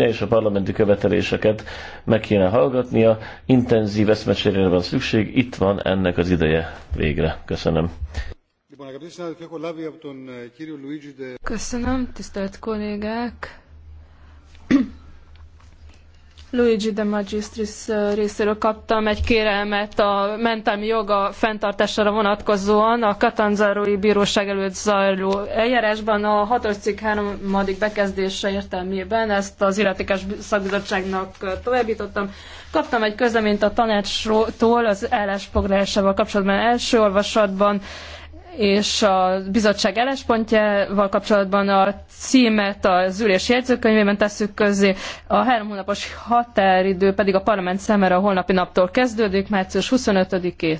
lépnie, és a parlamenti követeléseket meg kéne hallgatnia. Intenzív eszmecserére van szükség, itt van ennek az ideje végre. Köszönöm. Köszönöm, tisztelt kollégák! Luigi de Magistris részéről kaptam egy kérelmet a mentelmi joga fenntartására vonatkozóan a Katanzarói Bíróság előtt zajló eljárásban a 6 cikk 3. bekezdése értelmében ezt az illetékes szakbizottságnak továbbítottam. Kaptam egy közleményt a tanácstól az állásfoglalásával kapcsolatban első olvasatban és a bizottság álláspontjával kapcsolatban a címet az ülés jegyzőkönyvében tesszük közzé. A három hónapos határidő pedig a parlament szemére a holnapi naptól kezdődik, március 25-től.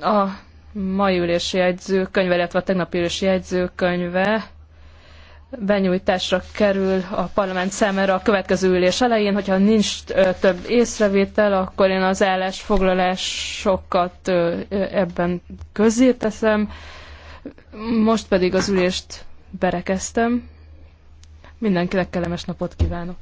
A mai ülési jegyzőkönyve, illetve a tegnapi ülési jegyzőkönyve benyújtásra kerül a parlament számára a következő ülés elején, hogyha nincs több észrevétel, akkor én az állásfoglalásokat ebben közzé teszem. Most pedig az ülést berekeztem. Mindenkinek kellemes napot kívánok!